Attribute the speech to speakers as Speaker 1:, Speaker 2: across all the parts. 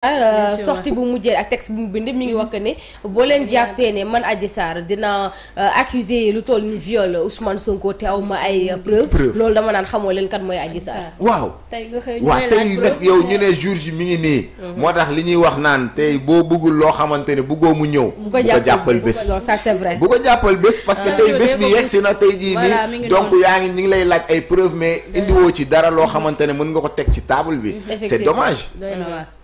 Speaker 1: Uh, sorti bu mujjee ak tex bu mu bind mi ngi wax ni boo leen jàppee ne man Adji saar dina uh, accuser lu toll ni viol Ousmane Sonko te aw ma ay euh, preuve loolu dama naan xamoo leen kat mooy Adji Sarr waaw waaw tey nag yow ñu ne
Speaker 2: jour ji mu ngi nii mhm. moo tax li ñuy wax naan te boo bëggul loo xamante ne bëggoo mu ñëw bu ko jàppal bés
Speaker 1: ça c'est vrai bu
Speaker 2: ko jàppal bés parce que ah, tey bés bi yegsi na tey jii nii donc yaa ngi ñu ngi lay laaj ay preuve mais indiwoo ci dara loo mhm. xamante ne mën nga ko teg ci table bi mhm. c'est dommage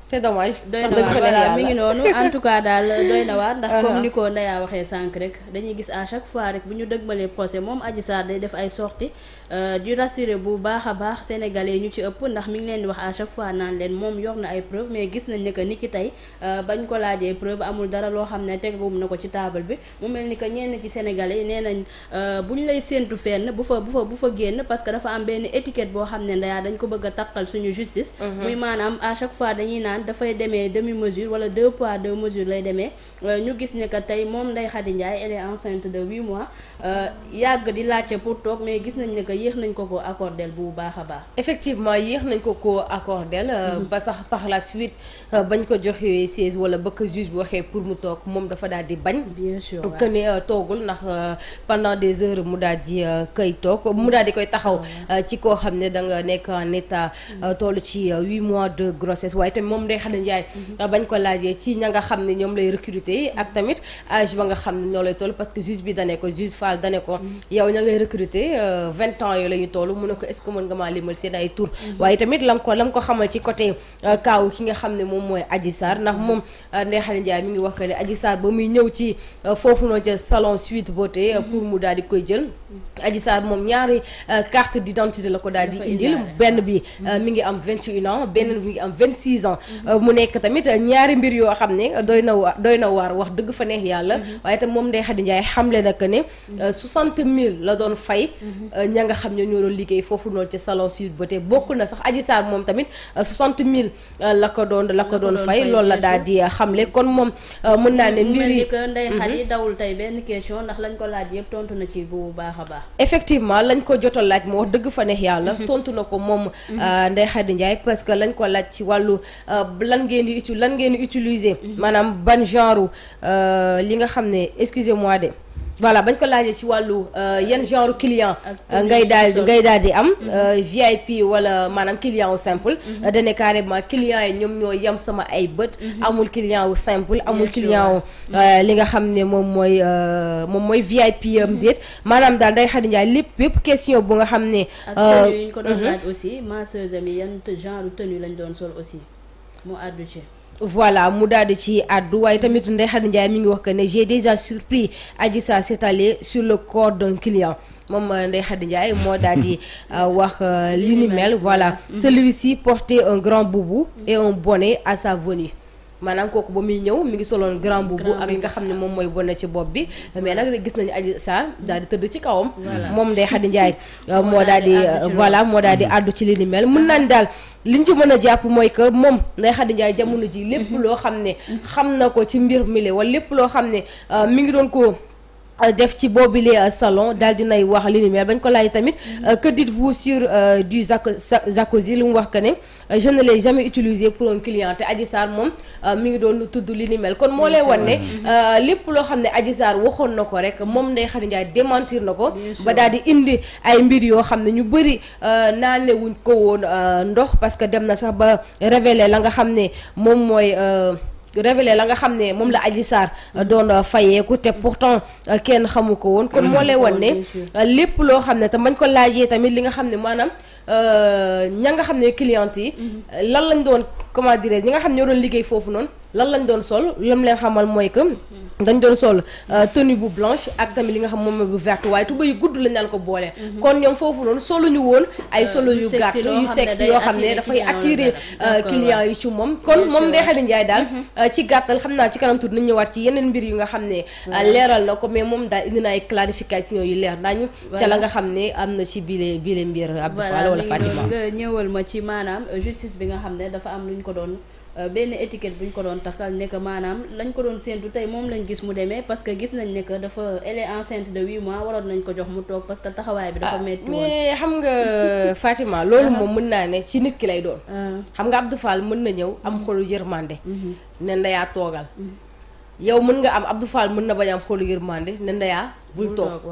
Speaker 1: c'est dommage
Speaker 3: doy na waar voilà mi ngi noonu en tout cas daal doy na waar ndax comme uh-huh. ni ko Ndeya waxee sànq rek dañuy gis à chaque fois rek bu ñu dëgmalee procès moom Adji Sarr day def ay sorties euh, di rassurer bu baax a baax sénégalais ñu ci ëpp ndax mi ngi leen di wax à chaque fois naan leen moom yor na ay preuves mais gis nañ ne que ni ki tey euh, bañ ko laajee preuve amul dara loo xam ne teguwum na ko ci taabal bi mu mel ni que ñenn ci sénégalais nee nañ euh, bu ñu lay séentu fenn bu fa bu fa bu fa génn parce que dafa am benn étiquette boo xam ne Ndeya dañ ko bëgg a takkal suñu justice uh-huh. naan dafay demee demi mesure wala deux poids deux mesures lay demee euh, ñu gis ne que tey moom Ndeye Khady Ndiaye elle est enceinte de huit mois euh, yàgg di laajte pour toog mais gis nañ ne que yéex nañ ko ko accordel
Speaker 1: bu baax a baax. effectivement yéex nañ ko ko accordel. Euh, mhm. ba sax par la suite bañ ko joxee siège wala ba ko juge waxee pour mu toog moom dafa daal di bañ. bien sûr que ne toogul ndax pendant des heures mu daal di koy toog mu daal di koy taxaw ci koo xam ne danga nekk en état mm. toll Ndeye Khady mhm. bañ ko laajee ci ña nga xam ne ñoom lay recruter ak tamit âge ba nga xam ne ñoo lay toll parce que juge bi dane ko juge Fall dane ko mhm. yow ña ngay recruter euh, vingt ans yooyu la toll mu ne ko est-ce que mën nga maa limal seen ay tour mhm. waaye tamit lam ko ko xamal ci côté euh, kaaw ki nga xam ne moom mooy Adji Sarr ndax moom euh, Ndeye Khady Ndiaye mi ngi wax que ne Adji ba muy ñëw ci foofu noonu ca salon suite beauté pour mu daal di koy jël Adji Sarr moom ñaari carte d'identité la ko daal di indil benn bi mi ngi am vingt et un ans am vingt six ans Euh, mu nekk tamit euh, ñaari mbir yoo xam ne euh, doy na waar doy na waar wax dëgg fa neex yàlla mhm. waaye tam moom Ndeye Khady Ndiaye xamle na que ne mhm. soixante mille la doon fay mhm. ña nga xam ne ñoo liggéey foofu noonu ci salon sud beauté bokk na sax Adji Sarr moom tamit soixante mille la ko doon la ko doon fay loolu la daal di xamle kon moom mën naa ne yi Ndeye Khady
Speaker 3: dawul tey benn question ndax lañ ko laaj yëpp tontu na ci bu baax a baax
Speaker 1: effectivement lañ ko jot laaj moo dëgg fa neex yàlla tontu na ko moom Ndeye Khady Ndiaye parce que lañ ko laaj ci wàllu lan ngeen di uti lan ngeen di utiliser. Mhm. maanaam ban genre euh, li nga xam ne excusez-moi de. voilà bañ ko laajee ci wàllu euh, yan genre client euh, ngay daal ngay daal di am mhm. VIP wala maanaam client wu simple mhm. dane carrément client yi ñoom ñoo yem sama ay bët amul client wu simple amul client li nga xam ne moom mooy moom mooy VIP am maanaam daal day Khady Ndiaye lépp yépp question bu nga xam ne ak tenue yi ñu
Speaker 3: aussi ma sœur yi yan genre tenue lañ doon sol aussi mu àddu
Speaker 1: voilà mu daal di ci àddu waaye tamit Ndeye Khady Ndiaye mi ngi wax que ne j'ai déjà surpris Adji Sarr s'étaler sur le corps d'un client moom euh, Ndeye Khady Ndiaye moo daal di euh, wax euh, li voilà mm-hmm. celui-ci portait un grand boubou et un bonnet à sa venue maanaam kooku ba muy ñëw mi ngi soloon grand boubou ak li nga xam ne moom mooy bonne ci bopp bi mais nag gis nañu aj Sarr daal di tëdd ci kawam moom Ndeye Khady Ndiaye euh, moo daal di euh, voilà moo daal di àddu ci li ni mel mën naan daal liñ ci mën a jàpp mooy que moom Ndeye Khady Ndiaye jamono ji lépp mhm. loo xam ne mhm. xam na ko ci mbir mi wala lépp loo xam ne euh, mi ngi doon ko Euh, def ci boobile euh, salon daal dinay wax li bañ ko laaj tamit euh, que dites-vous sur du sacosi lu mu wax que ne je ne l'ai jamais utilisé pour un client te Adji moom mi ngi doon tudd li kon moo lay wan ne lépp loo xam ne Adji Sarr waxoon na ko rek moom Ndeye Khady Ndiaye na ko ba daal di indi ay mbir yoo xam ne ñu bëri naanewuñ ko woon ndox parce que dem na sax ba révéler la nga xam ne moom mooy révélé la nga xam ne moom la aj Adji saar doon fayeeku te pourtant euh, kenn xamu ko woon kon moo lay wan ne euh, lépp loo xam ne te mañ ko laajee tamit li nga xam ne maanaam euh, ña nga xam ne clients yi mhm. lan lañ doon comment dirais ñi nga xam ne ñoo doon liggéey foofu noonu lan lañ doon sol lam leen xamal mooy que mhm. dañ doon sol euh, tenue bu blanche ak tamit li nga xam moom ma bu verte waaye tuba yu gudd lañ daan ko boole. Mhm. kon ñoom foofu noonu ñu woon ay euh, solo yu gàtt yu sexy yoo xam ne dafay attirer euh, clients yi ci moom kon moom Ndeye Khady Ndiaye daal mhm. ci gàttal xam naa ci kanam tuuti nañ waat ci yeneen mbir yu nga xam ne leeral na ko mais moom daal indi na ay clarification yu leer nañu ca la nga xam ne am na ci bile bile mbir Abdou Fall wala Fatima
Speaker 3: ñëwal ma ci maanaam justice bi nga xam ne dafa am luñ ko doon Euh, benn étiquette bu ñu ko doon takkal ne que maanaam lañ ko doon séentu tey moom lañ gis mu demee parce que gis nañ ne que dafa elle
Speaker 1: est enceinte de huit mois waroon nañ ko jox mu toog parce que taxawaay bi dafa ah, metti
Speaker 3: woon mais xam
Speaker 1: nga Fatima loolu ah. moom mën naa ne ci nit ki lay doon ah. xam nga Abdou Fall mën na ñëw am xolu yërmande mhm. ne ndeyaa toogal mhm. yow mën nga am Abdou Fall mën na bañ am xolu yërmande ne ndeyaa bul toog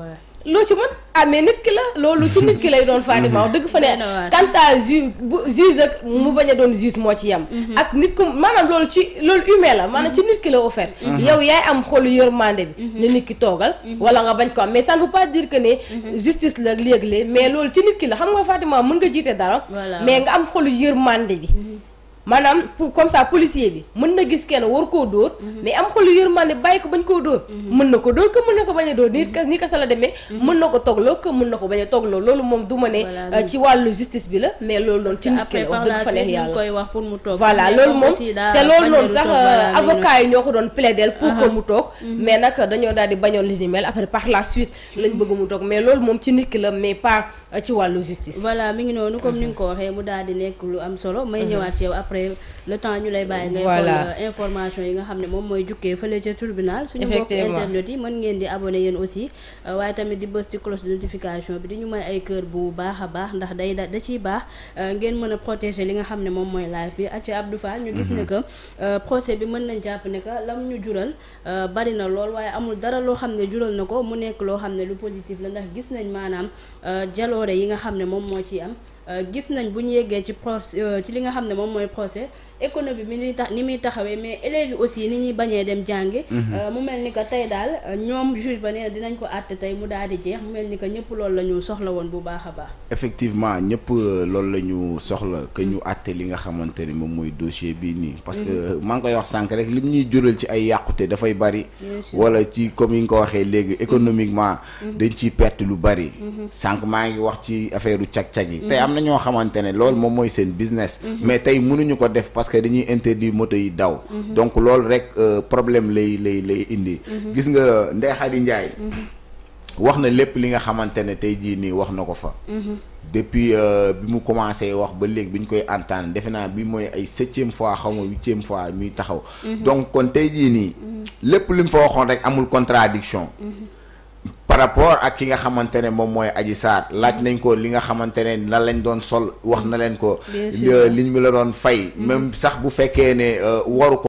Speaker 1: loo ci mën ah mais nit ki la loolu ci nit ki lay doon Fadima dëgg fa ne quant à ju bu juge ak mu bañ a doon juge moo ci yem mhm. ak nit ku maanaam loolu ci loolu humain la maanaam ci nit ki la offert mhm. yow yaay am xolu yërmande bi mhm. ne nit ki toogal wala nga bañ ko am mais ça ne veut pas dire que ne justice la léeg-léeg mais loolu ci nit ki la xam nga Fadima mën nga jiite dara mais nga am xolu yërmande bi maanaam pour comme ça policier bi mën na gis kenn war koo dóor mhm. mais am xolu yërmande bàyyi ko bañ koo dóor mhm. mën na ko dóor que mën na ko bañ a dóor ni mhm. sa la demee mën na ko toogloo que mën na ko bañ a toogloo loolu moom du ma ne euh, ci wàllu justice bi la mais loolu noonu ci nit ki la wax dëgg fa neex
Speaker 3: yàlla voilà loolu moom te loolu noonu sax
Speaker 1: euh, uh-huh. mu toog mm-hmm. mais nag dañoo daal di bañoon li ni mel après par la suite mm-hmm. lañ mu toog mais loolu moom ci nit ki la mais pas euh, ci wàllu justice voilà mi ngi
Speaker 3: noonu comme ni nga mm-hmm. ko waxee mu daal di nekk lu am solo may ñëwaat yow après après le temps ñu lay bàyyi. voilà euh, information yi nga xam ne moom mooy jukkee fële ca tribunal. suñu mbokk internet yi mën ngeen di abonné yéen aussi euh, waaye tamit di bës ci cloche notification bi dañu ñu may ay kër bu baax a baax ndax day da ciy baax euh, ngeen mën a protéger li nga xam ne moom mooy live bi ak ci Abdou faal ñu gis ne mhm. que procès bi mën nañ jàpp ne que lam ñu jural bari na lool waaye amul dara loo xam ne jural na ko mu nekk loo xam ne lu positif la ndax gis nañ maanaam jaloore yi nga xam ne moom moo ci am Euh, gis nañ bu ñu yeggee ci procès euh, ci li nga xam ne moom mooy procès économie bi ni tax muy taxawee mais élèves aussi ni ñuy bañee dem jàngi mhm. euh, mu mel ni que tey daal ñoom juge dinañ ko àtte tey mu daal di jeex mel ni que ñëpp loolu la ñu woon bu baax a
Speaker 2: baax ñëpp euh, loolu la ñu soxla que ñu àtte li nga xamante ni moom mooy dossier bii nii parce que mhm. maa ngi koy wax sànq rek lim ñuy jural ci ay yàqute dafay bari wala ci comme yi nga ko waxee léegi économiquement mhm. dañ ciy perte lu bari sànq maa ngi wax ci affaire u cag-cag yi tey am na ñoo xamante ne loolu moom mooy seen business mais tey mënuñu ko def parce que dañuy interdit moto yi daw mhm. donc loolu rek euh, problème lay lay lay indi mhm. gis nga Ndeye Khady Ndiaye mhm. wax na lépp li nga xamante ne tey jii nii wax na ko fa depuis euh, bi mu commencé wax ba léegi bi ñu koy entendre defe naa bi mooy ay septième fois xaw ma huitième fois muy taxaw donc kon tey jii nii lépp li mu fa waxoon rek amul contradiction par rapport ak ki nga xamante ne moom mooy Adji Sarr laaj nañ ko li nga xamante ne lan lañ doon sol wax na leen ko liñ mi la doon fay même sax bu fekkee ne euh, waru ko